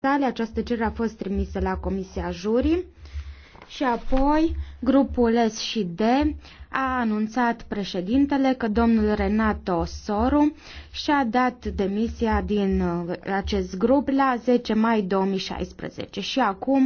sale. Această cerere a fost trimisă la Comisia Jurii și apoi grupul S și D a anunțat președintele că domnul Renato Soru și-a dat demisia din uh, acest grup la 10 mai 2016 și acum